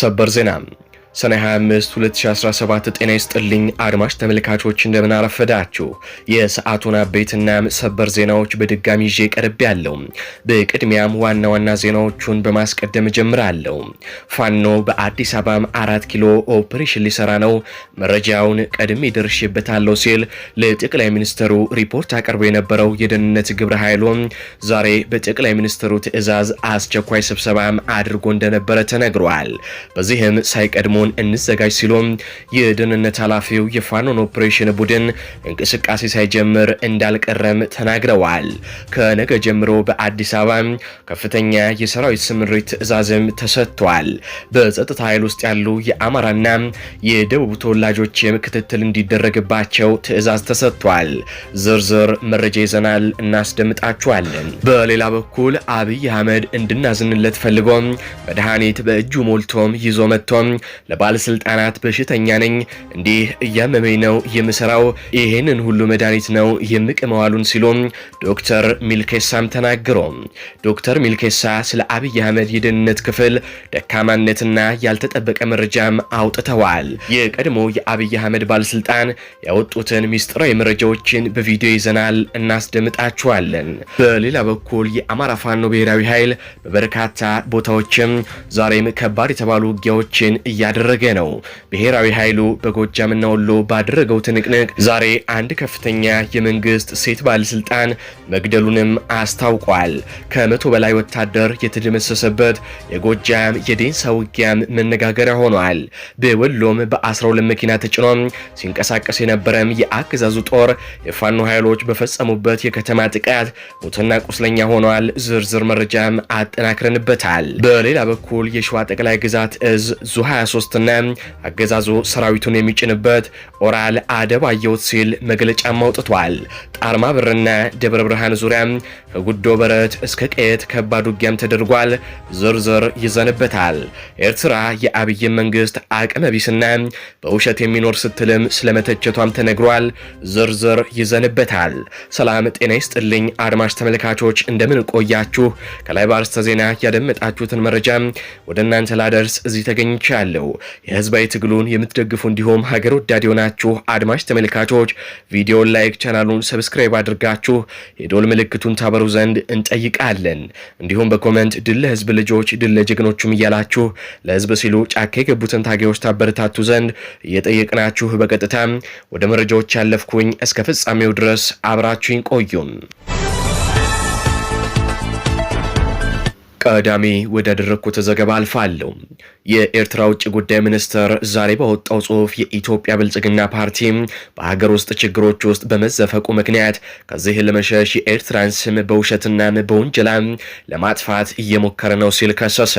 ሰበር ዜና ሰኔ 25 2017 ጤና ይስጥልኝ አድማጭ ተመልካቾች፣ እንደምን አረፈዳችሁ። የሰዓቱን አበይትና ሰበር ዜናዎች በድጋሚ ይዤ ቀርብ ያለው። በቅድሚያም ዋና ዋና ዜናዎቹን በማስቀደም ጀምራለሁ። ፋኖ በአዲስ አበባም አራት ኪሎ ኦፕሬሽን ሊሰራ ነው፣ መረጃውን ቀድሜ ደርሽበታለሁ ሲል ለጠቅላይ ሚኒስትሩ ሪፖርት አቅርቦ የነበረው የደህንነት ግብረ ኃይሉ ዛሬ በጠቅላይ ሚኒስትሩ ትዕዛዝ አስቸኳይ ስብሰባም አድርጎ እንደነበረ ተነግሯል። በዚህም ሳይቀድሞ ለመከናወን እንዘጋጅ ሲሉም የደህንነት ኃላፊው የፋኖን ኦፕሬሽን ቡድን እንቅስቃሴ ሳይጀምር እንዳልቀረም ተናግረዋል። ከነገ ጀምሮ በአዲስ አበባ ከፍተኛ የሰራዊት ስምሪት ትዕዛዝም ተሰጥቷል። በጸጥታ ኃይል ውስጥ ያሉ የአማራና የደቡብ ተወላጆችም ክትትል እንዲደረግባቸው ትዕዛዝ ተሰጥቷል። ዝርዝር መረጃ ይዘናል፣ እናስደምጣችኋለን። በሌላ በኩል አብይ አህመድ እንድናዝንለት ፈልጎም መድኃኒት በእጁ ሞልቶም ይዞ መጥቶም ለባለስልጣናት በሽተኛ ነኝ፣ እንዲህ እያመመኝ ነው የምሰራው፣ ይህንን ሁሉ መድኃኒት ነው የምቅመዋሉን ሲሉም ዶክተር ሚልኬሳም ተናግሮ ዶክተር ሚልኬሳ ስለ አብይ አህመድ የደህንነት ክፍል ደካማነትና ያልተጠበቀ መረጃም አውጥተዋል። የቀድሞ የአብይ አህመድ ባለስልጣን ያወጡትን ሚስጥራዊ መረጃዎችን በቪዲዮ ይዘናል፣ እናስደምጣችኋለን። በሌላ በኩል የአማራ ፋኖ ብሔራዊ ኃይል በበርካታ ቦታዎችም ዛሬም ከባድ የተባሉ ውጊያዎችን እያደረ እያደረገ ነው። ብሔራዊ ኃይሉ በጎጃምና ወሎ ባደረገው ትንቅንቅ ዛሬ አንድ ከፍተኛ የመንግስት ሴት ባለስልጣን መግደሉንም አስታውቋል። ከመቶ በላይ ወታደር የተደመሰሰበት የጎጃም የዴንሳ ውጊያም መነጋገሪያ ሆኗል። በወሎም በ12 መኪና ተጭኖ ሲንቀሳቀስ የነበረም የአገዛዙ ጦር የፋኖ ኃይሎች በፈጸሙበት የከተማ ጥቃት ሞትና ቁስለኛ ሆኗል። ዝርዝር መረጃም አጠናክረንበታል። በሌላ በኩል የሸዋ ጠቅላይ ግዛት እዝ ዙ 23 ዋስትና አገዛዙ ሰራዊቱን የሚጭንበት ኦራል አደባየሁት ሲል መግለጫም አውጥቷል። ጣርማ ብርና ደብረ ብርሃን ዙሪያ ከጉዶ በረት እስከ ቀየት ከባድ ውጊያም ተደርጓል። ዝርዝር ይዘንበታል። ኤርትራ የአብይን መንግስት አቅመ ቢስና በውሸት የሚኖር ስትልም ስለመተቸቷም ተነግሯል። ዝርዝር ይዘንበታል። ሰላም ጤና ይስጥልኝ አድማጭ ተመልካቾች እንደምን ቆያችሁ? ከላይ ባርስተ ዜና ያደመጣችሁትን መረጃ ወደ እናንተ ላደርስ እዚህ ተገኝቻለሁ። የህዝባዊ ትግሉን የምትደግፉ እንዲሁም ሀገር ወዳድ የሆናችሁ አድማጭ ተመልካቾች ቪዲዮን ላይክ፣ ቻናሉን ሰብስክራይብ አድርጋችሁ የዶል ምልክቱን ታበሩ ዘንድ እንጠይቃለን። እንዲሁም በኮመንት ድል ለህዝብ ልጆች ድል ለጀግኖቹም እያላችሁ ለህዝብ ሲሉ ጫካ የገቡትን ታጋዮች ታበረታቱ ዘንድ እየጠየቅናችሁ በቀጥታ ወደ መረጃዎች ያለፍኩኝ እስከ ፍጻሜው ድረስ አብራችሁኝ ቆዩም። ቀዳሚ ወዳደረግኩት ዘገባ አልፋለሁ። የኤርትራ ውጭ ጉዳይ ሚኒስትር ዛሬ በወጣው ጽሁፍ የኢትዮጵያ ብልጽግና ፓርቲ በሀገር ውስጥ ችግሮች ውስጥ በመዘፈቁ ምክንያት ከዚህ ለመሸሽ የኤርትራን ስም በውሸትና በውንጀላ ለማጥፋት እየሞከረ ነው ሲል ከሰሰ።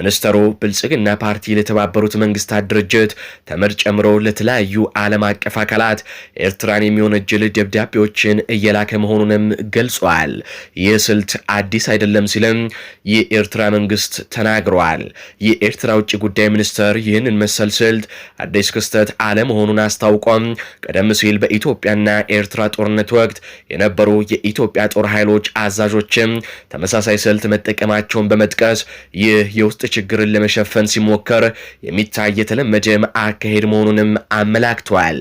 ሚኒስትሩ ብልጽግና ፓርቲ ለተባበሩት መንግስታት ድርጅት ተመድ ጨምሮ ለተለያዩ ዓለም አቀፍ አካላት ኤርትራን የሚወነጅል ደብዳቤዎችን እየላከ መሆኑንም ገልጿል። ይህ ስልት አዲስ አይደለም ሲልም የኤርትራ መንግስት ተናግረዋል። የኤርትራ ውጭ ጉዳይ ሚኒስተር ይህንን መሰል ስልት አዲስ ክስተት አለመሆኑን አስታውቋም። ቀደም ሲል በኢትዮጵያና ኤርትራ ጦርነት ወቅት የነበሩ የኢትዮጵያ ጦር ኃይሎች አዛዦችም ተመሳሳይ ስልት መጠቀማቸውን በመጥቀስ ይህ የውስጥ ችግርን ለመሸፈን ሲሞከር የሚታይ የተለመደ አካሄድ መሆኑንም አመላክቷል።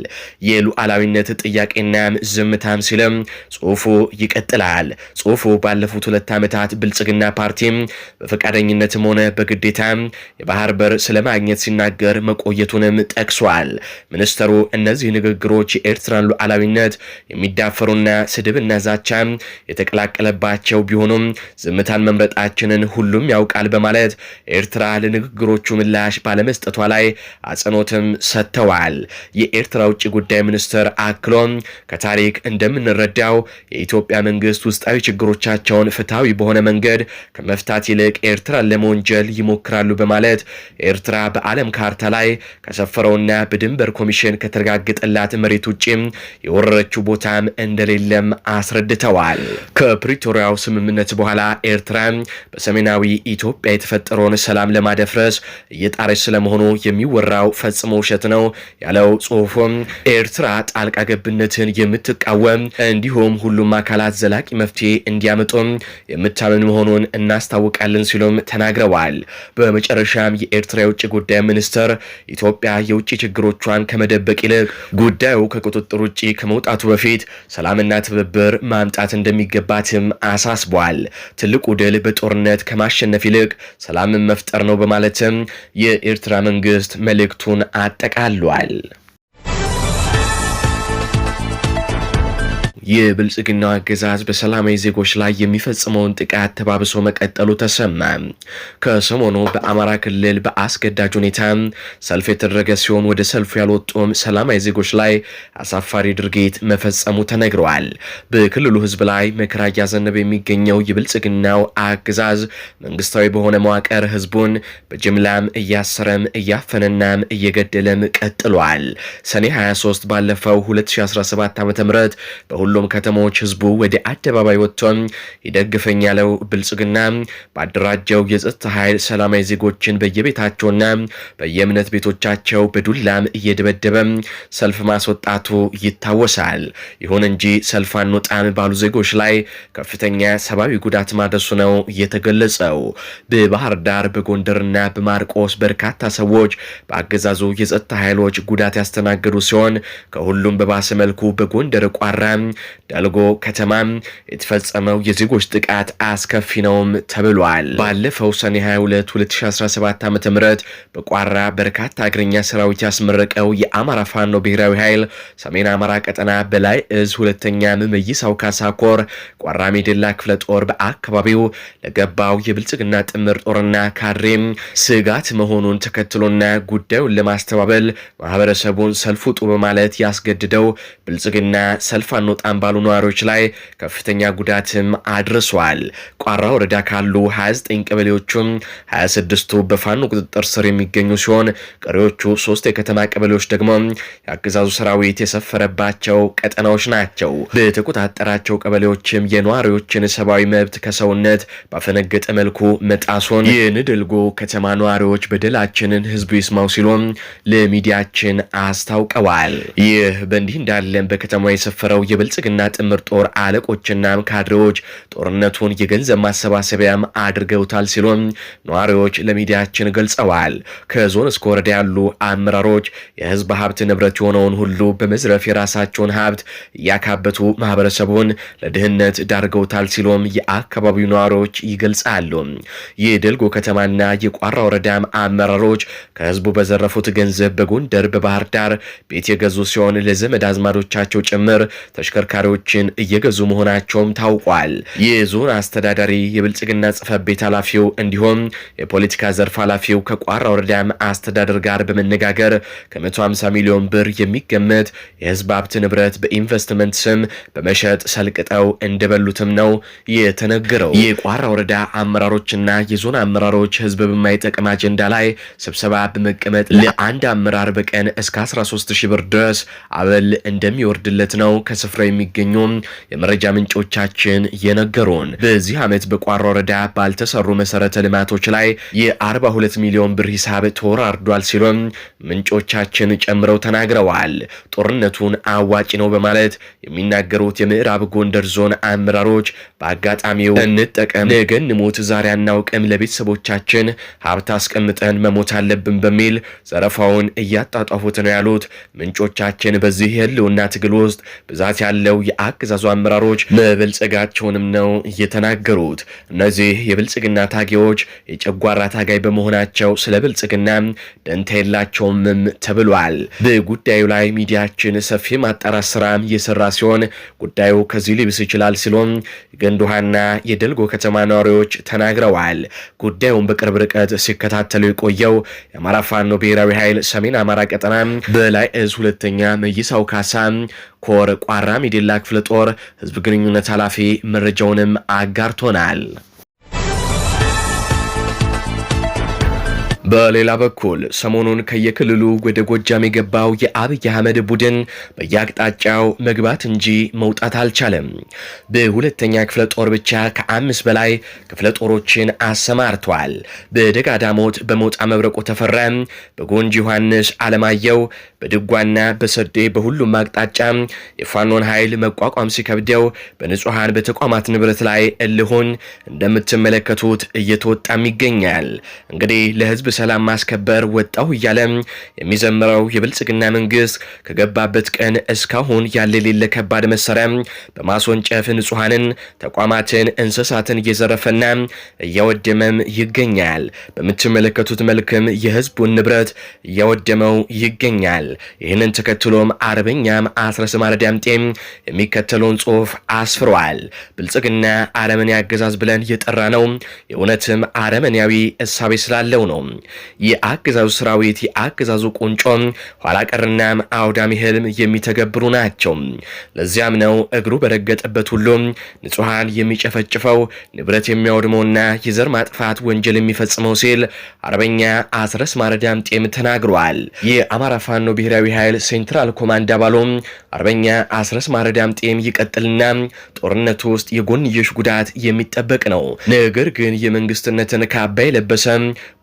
የሉዓላዊነት ጥያቄና ዝምታም ሲልም ጽሁፉ ይቀጥላል። ጽሁፉ ባለፉት ሁለት ዓመታት ብልጽግና ፓርቲ ጥያቄም በፈቃደኝነትም ሆነ በግዴታ የባህር በር ስለማግኘት ሲናገር መቆየቱንም ጠቅሷል። ሚኒስተሩ እነዚህ ንግግሮች የኤርትራን ሉዓላዊነት የሚዳፈሩና ስድብና ዛቻ የተቀላቀለባቸው ቢሆኑም ዝምታን መምረጣችንን ሁሉም ያውቃል በማለት ኤርትራ ለንግግሮቹ ምላሽ ባለመስጠቷ ላይ አጽንኦትም ሰጥተዋል። የኤርትራ ውጭ ጉዳይ ሚኒስትር አክሎም ከታሪክ እንደምንረዳው የኢትዮጵያ መንግስት ውስጣዊ ችግሮቻቸውን ፍትሐዊ በሆነ መንገድ ከመ ከመፍታት ይልቅ ኤርትራን ለመወንጀል ይሞክራሉ በማለት ኤርትራ በዓለም ካርታ ላይ ከሰፈረውና በድንበር ኮሚሽን ከተረጋገጠላት መሬት ውጭም የወረረችው ቦታም እንደሌለም አስረድተዋል። ከፕሪቶሪያው ስምምነት በኋላ ኤርትራ በሰሜናዊ ኢትዮጵያ የተፈጠረውን ሰላም ለማደፍረስ እየጣረች ስለመሆኑ የሚወራው ፈጽሞ ውሸት ነው ያለው ጽሁፉም ኤርትራ ጣልቃ ገብነትን የምትቃወም እንዲሁም ሁሉም አካላት ዘላቂ መፍትሄ እንዲያመጡም የምታምን መሆኑን እናስ እናስታውቃለን ሲሉም ተናግረዋል። በመጨረሻም የኤርትራ የውጭ ጉዳይ ሚኒስትር ኢትዮጵያ የውጭ ችግሮቿን ከመደበቅ ይልቅ ጉዳዩ ከቁጥጥር ውጭ ከመውጣቱ በፊት ሰላምና ትብብር ማምጣት እንደሚገባትም አሳስቧል። ትልቁ ድል በጦርነት ከማሸነፍ ይልቅ ሰላምን መፍጠር ነው በማለትም የኤርትራ መንግስት መልእክቱን አጠቃሏል። የብልጽግና አገዛዝ በሰላማዊ ዜጎች ላይ የሚፈጽመውን ጥቃት ተባብሶ መቀጠሉ ተሰማ። ከሰሞኑ በአማራ ክልል በአስገዳጅ ሁኔታ ሰልፍ የተደረገ ሲሆን ወደ ሰልፉ ያልወጡም ሰላማዊ ዜጎች ላይ አሳፋሪ ድርጊት መፈጸሙ ተነግረዋል። በክልሉ ህዝብ ላይ መከራ እያዘነበ የሚገኘው የብልጽግናው አገዛዝ መንግስታዊ በሆነ መዋቅር ህዝቡን በጅምላም እያሰረም እያፈነናም እየገደለም ቀጥሏል። ሰኔ 23 ባለፈው 2017 ዓ ም በሁሉ በሁሉም ከተሞች ህዝቡ ወደ አደባባይ ወጥቶ ይደግፈኝ ያለው ብልጽግና ባደራጀው የጸጥታ ኃይል ሰላማዊ ዜጎችን በየቤታቸውና በየእምነት ቤቶቻቸው በዱላም እየደበደበ ሰልፍ ማስወጣቱ ይታወሳል። ይሁን እንጂ ሰልፍ አንወጣም ባሉ ዜጎች ላይ ከፍተኛ ሰብአዊ ጉዳት ማድረሱ ነው የተገለጸው። በባህር ዳር በጎንደርና በማርቆስ በርካታ ሰዎች በአገዛዙ የጸጥታ ኃይሎች ጉዳት ያስተናገዱ ሲሆን ከሁሉም በባሰ መልኩ በጎንደር ቋራ ዳልጎ ከተማም የተፈጸመው የዜጎች ጥቃት አስከፊ ነውም ተብሏል። ባለፈው ሰኔ 22 2017 ዓ ም በቋራ በርካታ እግረኛ ሰራዊት ያስመረቀው የአማራ ፋኖ ብሔራዊ ኃይል ሰሜን አማራ ቀጠና በላይ እዝ ሁለተኛ ምመይሳው ካሳኮር ቋራ ሜዴላ ክፍለ ጦር በአካባቢው ለገባው የብልጽግና ጥምር ጦርና ካድሬም ስጋት መሆኑን ተከትሎና ጉዳዩን ለማስተባበል ማህበረሰቡን ሰልፍ ውጡ በማለት ያስገድደው ብልጽግና ሰልፍ አንወጣ አምባሉ ነዋሪዎች ላይ ከፍተኛ ጉዳትም አድርሷል። ቋራ ወረዳ ካሉ 29 ቀበሌዎቹም 26ቱ በፋኖ ቁጥጥር ስር የሚገኙ ሲሆን ቀሪዎቹ ሶስት የከተማ ቀበሌዎች ደግሞ የአገዛዙ ሰራዊት የሰፈረባቸው ቀጠናዎች ናቸው። በተቆጣጠራቸው ቀበሌዎችም የነዋሪዎችን ሰብአዊ መብት ከሰውነት ባፈነገጠ መልኩ መጣሱን የንድልጎ ከተማ ነዋሪዎች በደላችንን ህዝቡ ይስማው ሲሉም ለሚዲያችን አስታውቀዋል። ይህ በእንዲህ እንዳለም በከተማ የሰፈረው የብልጽ የብልጽግና ጥምር ጦር አለቆችና ካድሬዎች ጦርነቱን የገንዘብ ማሰባሰቢያም አድርገውታል ሲሉም ነዋሪዎች ለሚዲያችን ገልጸዋል። ከዞን እስከ ወረዳ ያሉ አመራሮች የህዝብ ሀብት ንብረት የሆነውን ሁሉ በመዝረፍ የራሳቸውን ሀብት እያካበቱ ማህበረሰቡን ለድህነት ዳርገውታል ሲሉም የአካባቢው ነዋሪዎች ይገልጻሉ። የደልጎ ከተማና የቋራ ወረዳም አመራሮች ከህዝቡ በዘረፉት ገንዘብ በጎንደር፣ በባህር ዳር ቤት የገዙ ሲሆን ለዘመድ አዝማዶቻቸው ጭምር ተሽከርካ ተሽከርካሪዎችን እየገዙ መሆናቸውም ታውቋል። የዞን አስተዳዳሪ የብልጽግና ጽፈት ቤት ኃላፊው እንዲሁም የፖለቲካ ዘርፍ ኃላፊው ከቋራ ወረዳም አስተዳደር ጋር በመነጋገር ከ150 ሚሊዮን ብር የሚገመት የህዝብ ሀብት ንብረት በኢንቨስትመንት ስም በመሸጥ ሰልቅጠው እንደበሉትም ነው የተነገረው። የቋራ ወረዳ አመራሮችና የዞን አመራሮች ህዝብ በማይጠቅም አጀንዳ ላይ ስብሰባ በመቀመጥ ለአንድ አመራር በቀን እስከ 13 ሺህ ብር ድረስ አበል እንደሚወርድለት ነው ከስፍራው እንደሚገኙ የመረጃ ምንጮቻችን የነገሩን። በዚህ ዓመት በቋራ ወረዳ ባልተሰሩ መሰረተ ልማቶች ላይ የ42 ሚሊዮን ብር ሂሳብ ተወራርዷል ሲሉም ምንጮቻችን ጨምረው ተናግረዋል። ጦርነቱን አዋጭ ነው በማለት የሚናገሩት የምዕራብ ጎንደር ዞን አመራሮች በአጋጣሚው እንጠቀም፣ ነገን እንሞት፣ ዛሬ አናውቅም፣ ለቤተሰቦቻችን ሀብት አስቀምጠን መሞት አለብን በሚል ዘረፋውን እያጣጣፉት ነው ያሉት ምንጮቻችን በዚህ የህልውና ትግል ውስጥ ብዛት ያለ የሚለው የአገዛዙ አመራሮች መበልጸጋቸውንም ነው የተናገሩት። እነዚህ የብልጽግና ታጊዎች የጨጓራ ታጋይ በመሆናቸው ስለ ብልጽግና ደንታ የላቸውምም ተብሏል። በጉዳዩ ላይ ሚዲያችን ሰፊ ማጣራት ስራ እየሰራ ሲሆን ጉዳዩ ከዚህ ሊብስ ይችላል ሲሎም ገንዱሃና የደልጎ ከተማ ነዋሪዎች ተናግረዋል። ጉዳዩን በቅርብ ርቀት ሲከታተሉ የቆየው የአማራ ፋኖ ብሔራዊ ኃይል ሰሜን አማራ ቀጠና በላይ እዝ ሁለተኛ መይሳው ካሳ ኮር ቋራ ሚዲ የጋምቤላ ክፍለ ጦር ህዝብ ግንኙነት ኃላፊ መረጃውንም አጋርቶናል። በሌላ በኩል ሰሞኑን ከየክልሉ ወደ ጎጃም የገባው የአብይ አህመድ ቡድን በየአቅጣጫው መግባት እንጂ መውጣት አልቻለም። በሁለተኛ ክፍለ ጦር ብቻ ከአምስት በላይ ክፍለ ጦሮችን አሰማርተዋል። በደጋዳሞት በመውጣ መብረቁ ተፈራ፣ በጎንጅ ዮሐንስ አለማየው፣ በድጓና በሰዴ በሁሉም አቅጣጫ የፋኖን ኃይል መቋቋም ሲከብደው በንጹሐን በተቋማት ንብረት ላይ እልሁን እንደምትመለከቱት እየተወጣም ይገኛል። እንግዲህ ለህዝብ ሰላም ማስከበር ወጣሁ እያለ የሚዘምረው የብልጽግና መንግስት ከገባበት ቀን እስካሁን ያለ የሌለ ከባድ መሳሪያ በማስወንጨፍ ንጹሐንን፣ ተቋማትን፣ እንስሳትን እየዘረፈና እያወደመም ይገኛል። በምትመለከቱት መልክም የህዝቡን ንብረት እያወደመው ይገኛል። ይህንን ተከትሎም አርበኛም አስረስ ዳምጤም የሚከተለውን ጽሁፍ አስፍሯል። ብልጽግና አረመኔ አገዛዝ ብለን የጠራ ነው የእውነትም አረመኔያዊ እሳቤ ስላለው ነው። የአገዛዙ ሰራዊት የአገዛዙ ቁንጮ ኋላ ቀርና አውዳሚ ህልም የሚተገብሩ ናቸው። ለዚያም ነው እግሩ በረገጠበት ሁሉ ንጹሐን የሚጨፈጭፈው ንብረት የሚያወድመውና የዘር ማጥፋት ወንጀል የሚፈጽመው ሲል አርበኛ አስረስ ማረዳም ጤም ተናግረዋል። የአማራ ፋኖ ብሔራዊ ኃይል ሴንትራል ኮማንድ አባሉ አርበኛ አስረስ ማረዳም ጤም ይቀጥልና ጦርነቱ ውስጥ የጎንዮሽ ጉዳት የሚጠበቅ ነው። ነገር ግን የመንግስትነትን ካባ የለበሰ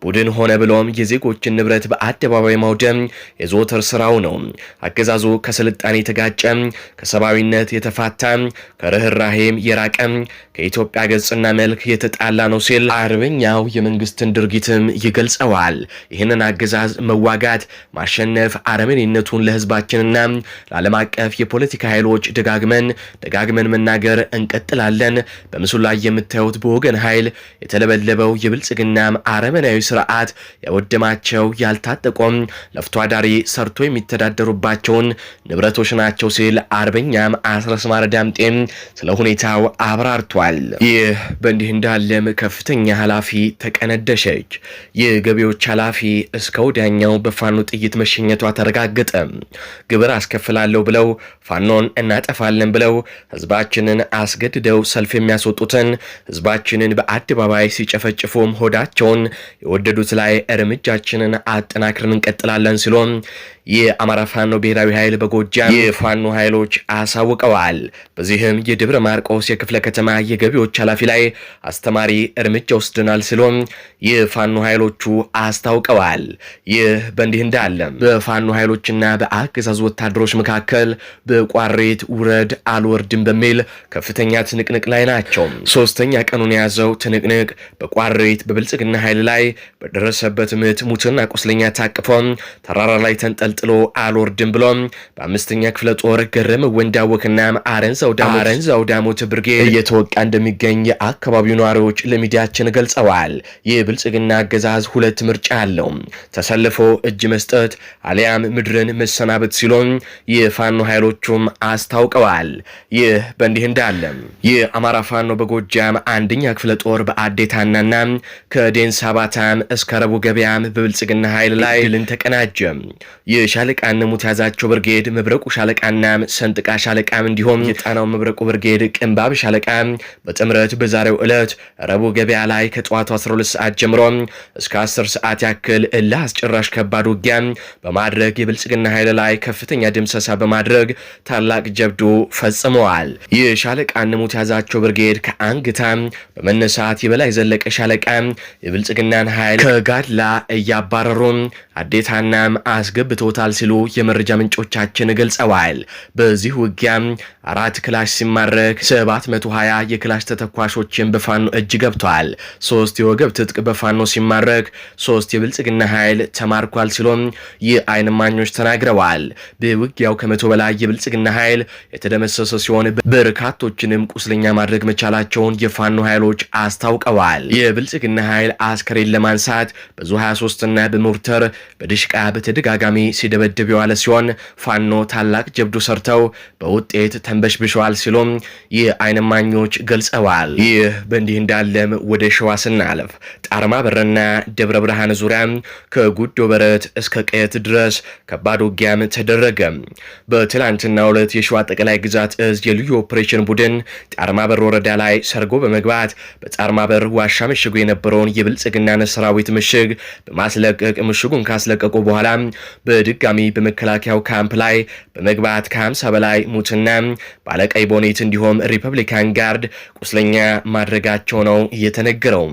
ቡድን ሆነ ብሎም የዜጎችን ንብረት በአደባባይ ማውደም የዘወትር ስራው ነው። አገዛዙ ከስልጣኔ የተጋጨ ከሰብአዊነት የተፋታ ከርህራሄም የራቀ ከኢትዮጵያ ገጽና መልክ የተጣላ ነው ሲል አርበኛው የመንግስትን ድርጊትም ይገልጸዋል። ይህንን አገዛዝ መዋጋት፣ ማሸነፍ አረመኔነቱን ለህዝባችንና ለዓለም አቀፍ የፖለቲካ ኃይሎች ደጋግመን ደጋግመን መናገር እንቀጥላለን። በምስሉ ላይ የምታዩት በወገን ኃይል የተለበለበው የብልጽግና አረመናዊ ስርዓት ያወደማቸው ያልታጠቆም ለፍቶ አዳሪ ሰርቶ የሚተዳደሩባቸውን ንብረቶች ናቸው ሲል አርበኛም አስረስ ዳምጤም ስለ ሁኔታው አብራርቷል። ይህ በእንዲህ እንዳለም ከፍተኛ ኃላፊ ተቀነደሸች። የገቢዎች ኃላፊ እስከ ወዲያኛው በፋኖ ጥይት መሸኘቷ ተረጋገጠ። ግብር አስከፍላለሁ ብለው ፋኖን እናጠፋለን ብለው ህዝባችንን አስገድደው ሰልፍ የሚያስወጡትን ህዝባችንን በአደባባይ ሲጨፈጭፉም ሆዳቸውን የወደዱት ላይ ላይ እርምጃችንን አጠናክረን እንቀጥላለን ሲሉም የአማራ ፋኖ ብሔራዊ ኃይል በጎጃም የፋኖ ኃይሎች አሳውቀዋል። በዚህም የደብረ ማርቆስ የክፍለ ከተማ የገቢዎች ኃላፊ ላይ አስተማሪ እርምጃ ወስደናል ሲሎም የፋኖ ኃይሎቹ አስታውቀዋል። ይህ በእንዲህ እንዳለም በፋኖ ኃይሎችና በአገዛዝ ወታደሮች መካከል በቋሬት ውረድ አልወርድም በሚል ከፍተኛ ትንቅንቅ ላይ ናቸው። ሶስተኛ ቀኑን የያዘው ትንቅንቅ በቋሬት በብልጽግና ኃይል ላይ በደረሰበት ምት ሙትና ቁስለኛ ታቅፎ ተራራ ላይ ተንጠል ጥሎ አልወርድም ብሎ በአምስተኛ ክፍለ ጦር ገረመ ወንዳወክና አረን ዘውዳሞት ብርጌ እየተወቃ እንደሚገኝ የአካባቢው ነዋሪዎች ለሚዲያችን ገልጸዋል። ይህ ብልጽግና አገዛዝ ሁለት ምርጫ አለው፤ ተሰልፎ እጅ መስጠት አሊያም ምድርን መሰናበት ሲሉም የፋኖ ኃይሎቹም አስታውቀዋል። ይህ በእንዲህ እንዳለ የአማራ ፋኖ በጎጃም አንደኛ ክፍለ ጦር በአዴታናና ከዴንሳባታም እስከ ረቡ ገበያም በብልጽግና ኃይል ላይ ድልን ተቀናጀ። ይህ የሻለቃ ነሙት ያዛቸው ብርጌድ፣ መብረቁ ሻለቃና ሰንጥቃ ሻለቃም እንዲሁም የጣናው መብረቁ ብርጌድ፣ ቅንባብ ሻለቃ በጥምረት በዛሬው ዕለት ረቡዕ ገበያ ላይ ከጠዋቱ 12 ሰዓት ጀምሮ እስከ 10 ሰዓት ያክል እልህ አስጨራሽ ከባድ ውጊያ በማድረግ የብልጽግና ኃይል ላይ ከፍተኛ ድምሰሳ በማድረግ ታላቅ ጀብዱ ፈጽመዋል። ይህ ሻለቃ ነሙት ያዛቸው ብርጌድ ከአንግታ በመነሳት የበላይ ዘለቀ ሻለቃ የብልጽግናን ኃይል ከጋድላ እያባረሩ አዴታናም አስገብቶ አድርገውታል ሲሉ የመረጃ ምንጮቻችን ገልጸዋል። በዚህ ውጊያም አራት ክላሽ ሲማረክ 720 የክላሽ ተተኳሾችን በፋኖ እጅ ገብቷል። ሶስት የወገብ ትጥቅ በፋኖ ሲማረክ ሶስት የብልጽግና ኃይል ተማርኳል ሲሉ የአይን ማኞች ተናግረዋል። በውጊያው ከመቶ በላይ የብልጽግና ኃይል የተደመሰሰ ሲሆን በርካቶችንም ቁስለኛ ማድረግ መቻላቸውን የፋኖ ኃይሎች አስታውቀዋል። የብልጽግና ኃይል አስከሬን ለማንሳት ብዙ 23ና በሞርተር በድሽቃ በተደጋጋሚ ሲደበድብ የዋለ ሲሆን ፋኖ ታላቅ ጀብዱ ሰርተው በውጤት ተንበሽብሸዋል ሲሉም የዓይን ገልጸዋል። ይህ በእንዲህ እንዳለም ወደ ሸዋ ስናልፍ ጣርማ በርና ደብረ ብርሃን ዙሪያ ከጉዶ በረት እስከ ቀየት ድረስ ከባድ ውጊያም ተደረገ። በትላንትና ሁለት የሸዋ ጠቅላይ ግዛት እዝ የልዩ ኦፕሬሽን ቡድን ጣርማ በር ወረዳ ላይ ሰርጎ በመግባት በጣርማ በር ዋሻ ምሽጉ የነበረውን የብልጽግናን ሰራዊት ምሽግ በማስለቀቅ ምሽጉን ካስለቀቁ በኋላ በድጋሚ በመከላከያው ካምፕ ላይ በመግባት ከ50 በላይ ሙትና ባለቀይ ቦኔት እንዲሁም ሪፐብሊካን ጋርድ ቁስለኛ ማድረጋቸው ነው እየተነገረው።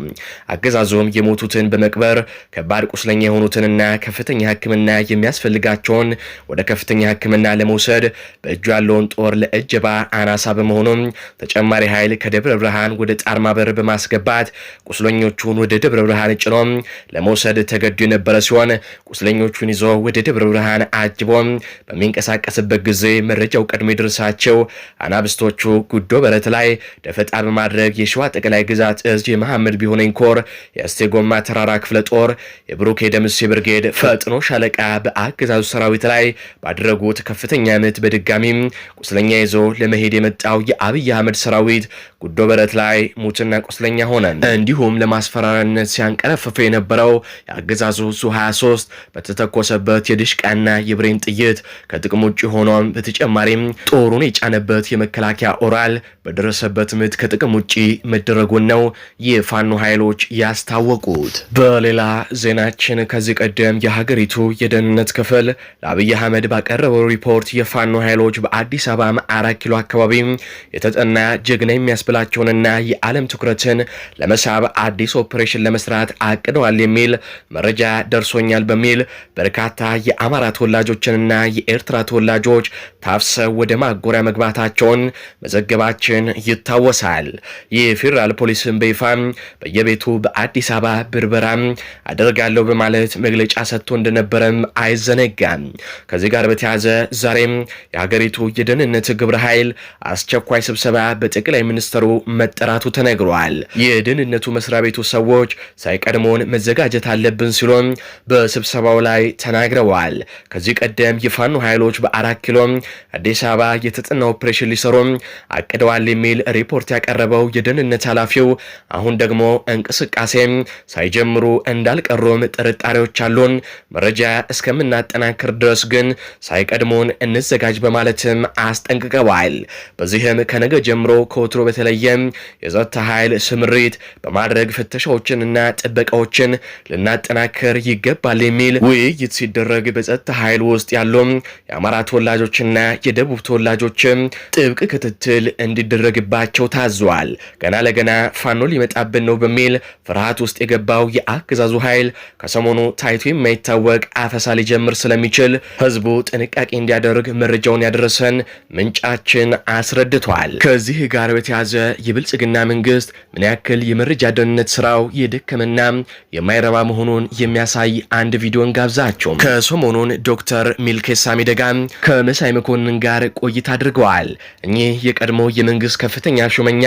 አገዛዙም የሞቱትን በመቅበር ከባድ ቁስለኛ የሆኑትንና ከፍተኛ ሕክምና የሚያስፈልጋቸውን ወደ ከፍተኛ ሕክምና ለመውሰድ በእጁ ያለውን ጦር ለእጀባ አናሳ በመሆኑም ተጨማሪ ኃይል ከደብረ ብርሃን ወደ ጣርማ በር በማስገባት ቁስለኞቹን ወደ ደብረ ብርሃን ጭኖ ለመውሰድ ተገዱ የነበረ ሲሆን ቁስለኞቹን ይዞ ወደ ደብረ በሐር ብርሃን አጅቦም በሚንቀሳቀስበት ጊዜ መረጃው ቀድሞ የደረሳቸው አናብስቶቹ ጉዶ በረት ላይ ደፈጣ በማድረግ የሸዋ ጠቅላይ ግዛት እዝ የመሐመድ ቢሆነኝ ኮር የእስቴ ጎማ ተራራ ክፍለ ጦር የብሩክ የደምስ ብርጌድ ፈጥኖ ሻለቃ በአገዛዙ ሰራዊት ላይ ባደረጉት ከፍተኛ ምት በድጋሚም ቁስለኛ ይዞ ለመሄድ የመጣው የአብይ አህመድ ሰራዊት ጉዶ በረት ላይ ሙትና ቁስለኛ ሆነ። እንዲሁም ለማስፈራሪያነት ሲያንቀረፍፈው የነበረው የአገዛዙ ዙ 23 በተተኮሰበት የድሽ የዲሽቃና የብሬን ጥይት ከጥቅም ውጭ ሆኗም፣ በተጨማሪም ጦሩን የጫነበት የመከላከያ ኦራል በደረሰበት ምት ከጥቅም ውጭ መደረጉን ነው የፋኖ ኃይሎች ያስታወቁት። በሌላ ዜናችን ከዚህ ቀደም የሀገሪቱ የደህንነት ክፍል ለአብይ አህመድ ባቀረበው ሪፖርት የፋኖ ኃይሎች በአዲስ አበባ አራት ኪሎ አካባቢ የተጠና ጀግና የሚያስብላቸውንና የዓለም ትኩረትን ለመሳብ አዲስ ኦፕሬሽን ለመስራት አቅደዋል የሚል መረጃ ደርሶኛል በሚል በርካታ የአማራ ተወላጆችንና የኤርትራ ተወላጆች ታፍሰው ወደ ማጎሪያ መግባታቸውን መዘገባችን ይታወሳል። የፌዴራል ፖሊስን በይፋ በየቤቱ በአዲስ አበባ ብርበራ አደርጋለሁ በማለት መግለጫ ሰጥቶ እንደነበረም አይዘነጋም። ከዚህ ጋር በተያያዘ ዛሬም የሀገሪቱ የደህንነት ግብረ ኃይል አስቸኳይ ስብሰባ በጠቅላይ ሚኒስትሩ መጠራቱ ተነግሯል። የደህንነቱ መስሪያ ቤቱ ሰዎች ሳይቀድሞን መዘጋጀት አለብን ሲሎን በስብሰባው ላይ ተናግረዋል። ተሰምቷል። ከዚህ ቀደም የፋኖ ኃይሎች በአራት ኪሎ አዲስ አበባ የተጠና ኦፕሬሽን ሊሰሩ አቅደዋል የሚል ሪፖርት ያቀረበው የደህንነት ኃላፊው አሁን ደግሞ እንቅስቃሴ ሳይጀምሩ እንዳልቀሩም ጥርጣሬዎች አሉን፣ መረጃ እስከምናጠናክር ድረስ ግን ሳይቀድሙን እንዘጋጅ በማለትም አስጠንቅቀዋል። በዚህም ከነገ ጀምሮ ከወትሮ በተለየ የጸጥታ ኃይል ስምሪት በማድረግ ፍተሻዎችንና ጥበቃዎችን ልናጠናክር ይገባል የሚል ውይይት ሲደረግ በጸጥታ ኃይል ውስጥ ያሉ የአማራ ተወላጆችና የደቡብ ተወላጆችም ጥብቅ ክትትል እንዲደረግባቸው ታዟል። ገና ለገና ፋኖ ሊመጣብን ነው በሚል ፍርሃት ውስጥ የገባው የአገዛዙ ኃይል ከሰሞኑ ታይቶ የማይታወቅ አፈሳ ሊጀምር ስለሚችል ህዝቡ ጥንቃቄ እንዲያደርግ መረጃውን ያደረሰን ምንጫችን አስረድቷል። ከዚህ ጋር በተያዘ የብልጽግና መንግስት ምን ያክል የመረጃ ደህንነት ስራው የደከመና የማይረባ መሆኑን የሚያሳይ አንድ ቪዲዮን ጋብዛቸው ከሰሞኑ ሰሞኑን ዶክተር ሚልኬሳ ሚደጋ ከመሳይ መኮንን ጋር ቆይታ አድርገዋል። እኚህ የቀድሞ የመንግስት ከፍተኛ ሹመኛ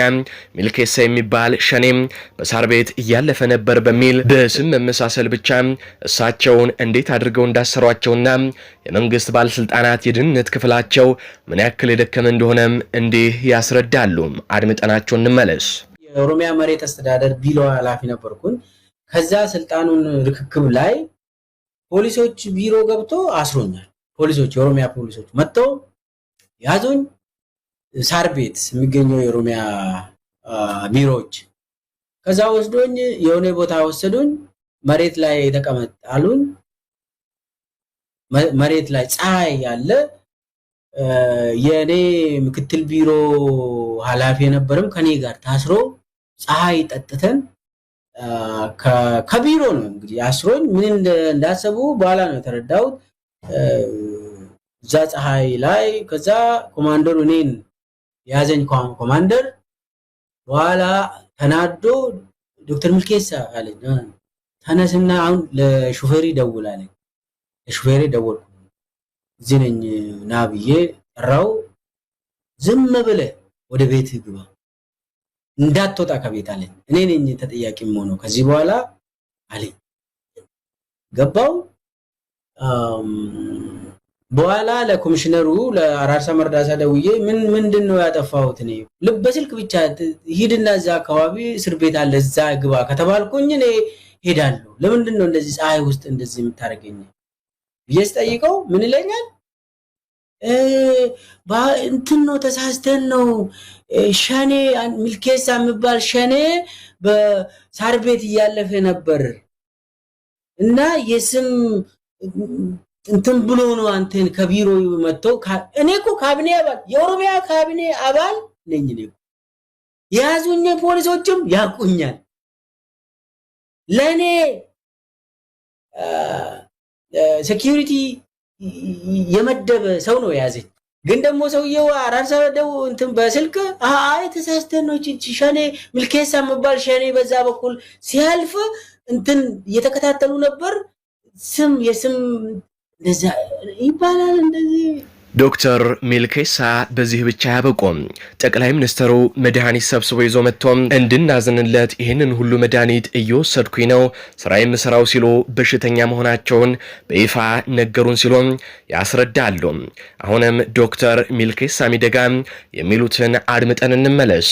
ሚልኬሳ የሚባል ሸኔም በሳር ቤት እያለፈ ነበር በሚል በስም መመሳሰል ብቻ እሳቸውን እንዴት አድርገው እንዳሰሯቸውና የመንግስት ባለስልጣናት የደህንነት ክፍላቸው ምን ያክል የደከመ እንደሆነም እንዲህ ያስረዳሉ። አድምጠናቸው እንመለስ። የኦሮሚያ መሬት አስተዳደር ቢሮ ኃላፊ ነበርኩኝ። ከዛ ስልጣኑን ርክክብ ላይ ፖሊሶች ቢሮ ገብቶ አስሮኛል። ፖሊሶች የኦሮሚያ ፖሊሶች መጥተው ያዙኝ። ሳር ቤት የሚገኘው የኦሮሚያ ቢሮዎች ከዛ ወስዶኝ የሆነ ቦታ ወሰዱኝ። መሬት ላይ የተቀመጥ አሉኝ። መሬት ላይ ፀሐይ ያለ የእኔ ምክትል ቢሮ ኃላፊ የነበረም ከኔ ጋር ታስሮ ፀሐይ ጠጥተን ከቢሮ ነው እንግዲህ አስሮኝ ምን እንዳሰቡ በኋላ ነው የተረዳሁት። እዛ ፀሐይ ላይ ከዛ ኮማንደሩ እኔን የያዘኝ ኮማንደር በኋላ ተናዶ ዶክተር ምልኬሳ አለ ተነስና አሁን ለሹፌሪ ደውል አለ። ለሹፌሪ ደወልኩ። እዚህ ነኝ ና ብዬ ጠራው። ዝም ብለህ ወደ ቤት ግባ እንዳትወጣ ከቤት አለኝ። እኔ ነኝ ተጠያቂም ሆኖ ከዚህ በኋላ አለኝ። ገባው በኋላ ለኮሚሽነሩ ለአራርሳ መርዳሳ ደውዬ ምን ምንድን ነው ያጠፋሁት? እኔ በስልክ ብቻ ሂድና እዛ አካባቢ እስር ቤት አለ እዛ ግባ ከተባልኩኝ እኔ ሄዳለሁ። ለምንድን ነው እንደዚህ ፀሐይ ውስጥ እንደዚህ የምታደርገኝ ብዬ ስጠይቀው ምን ይለኛል? እንትን ነው ተሳስተን ነው ሸኔ ሚልኬሳ የሚባል ሸኔ በሳር ቤት እያለፈ ነበር እና የስም እንትን ብሎ ነው አንተን ከቢሮ መጥተው። እኔ እኮ ካቢኔ አባል የኦሮሚያ ካቢኔ አባል ነኝ። እኔ የያዙኝ ፖሊሶችም ያቁኛል። ለእኔ ሴኪሪቲ የመደብ ሰው ነው የያዘኝ። ግን ደግሞ ሰውየው ደው እንትን በስልክ አይ ተሳስተን ነው ሸኔ ምልኬሳ የምባል ሸኔ በዛ በኩል ሲያልፍ እንትን እየተከታተሉ ነበር ስም የስም ይባላል እንደዚህ ዶክተር ሜልኬሳ በዚህ ብቻ አያበቁም። ጠቅላይ ሚኒስትሩ መድኃኒት ሰብስቦ ይዞ መጥቶም እንድናዝንለት ይህንን ሁሉ መድኃኒት እየወሰድኩኝ ነው ስራ የምሰራው ሲሉ በሽተኛ መሆናቸውን በይፋ ነገሩን ሲሉም ያስረዳሉ። አሁንም ዶክተር ሜልኬሳ ሚደጋ የሚሉትን አድምጠን እንመለስ።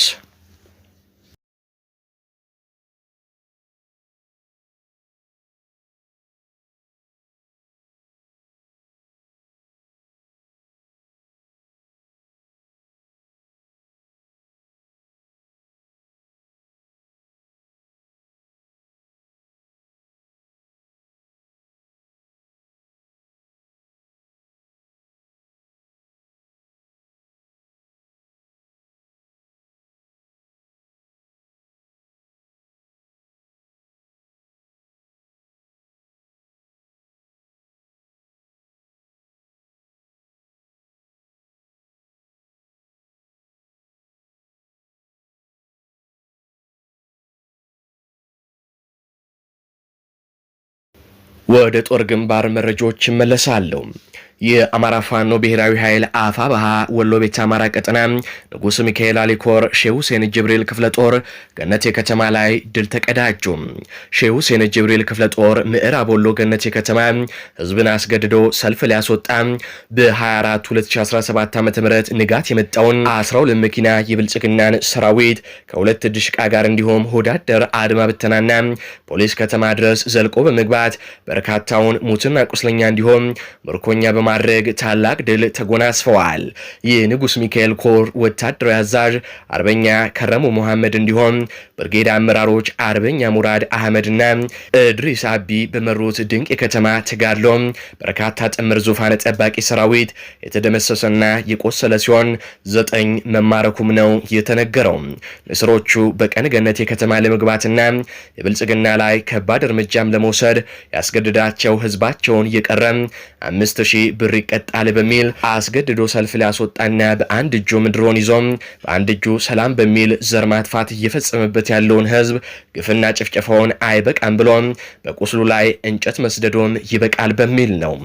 ወደ ጦር ግንባር መረጃዎች ይመለሳለሁ። የአማራ ፋኖ ብሔራዊ ኃይል አፋ ባሃ ወሎ ቤት አማራ ቀጠና ንጉስ ሚካኤል አሊኮር ሼህ ሁሴን ጅብሪል ክፍለ ጦር ገነቴ ከተማ ላይ ድል ተቀዳጁ። ሼህ ሁሴን ጅብሪል ክፍለ ጦር ምዕራብ ወሎ ገነቴ ከተማ ህዝብን አስገድዶ ሰልፍ ሊያስወጣ በ24 2017 ዓ ም ንጋት የመጣውን 12 መኪና የብልጽግናን ሰራዊት ከሁለት ድሽቃ ጋር እንዲሁም ሆዳደር አድማ ብተናና ፖሊስ ከተማ ድረስ ዘልቆ በመግባት በርካታውን ሙትና ቁስለኛ እንዲሆም ምርኮኛ በማ በማድረግ ታላቅ ድል ተጎናስፈዋል። የንጉሥ ሚካኤል ኮር ወታደራዊ አዛዥ አርበኛ ከረሙ መሐመድ እንዲሆን ብርጌድ አመራሮች አርበኛ ሙራድ አህመድና እድሪስ አቢ በመሩት ድንቅ የከተማ ተጋድሎ በርካታ ጥምር ዙፋን ጠባቂ ሰራዊት የተደመሰሰና የቆሰለ ሲሆን ዘጠኝ መማረኩም ነው የተነገረው። ንስሮቹ በቀን ገነት የከተማ ለመግባትና የብልጽግና ላይ ከባድ እርምጃም ለመውሰድ ያስገድዳቸው ህዝባቸውን እየቀረ አምስት ሺህ ብር ይቀጣል በሚል አስገድዶ ሰልፍ ሊያስወጣና በአንድ እጁ ምድሮን ይዞም በአንድ እጁ ሰላም በሚል ዘር ማጥፋት እየፈጸመበት ያለውን ህዝብ ግፍና ጭፍጨፋውን አይበቃም ብሎም በቁስሉ ላይ እንጨት መስደዶም ይበቃል በሚል ነው።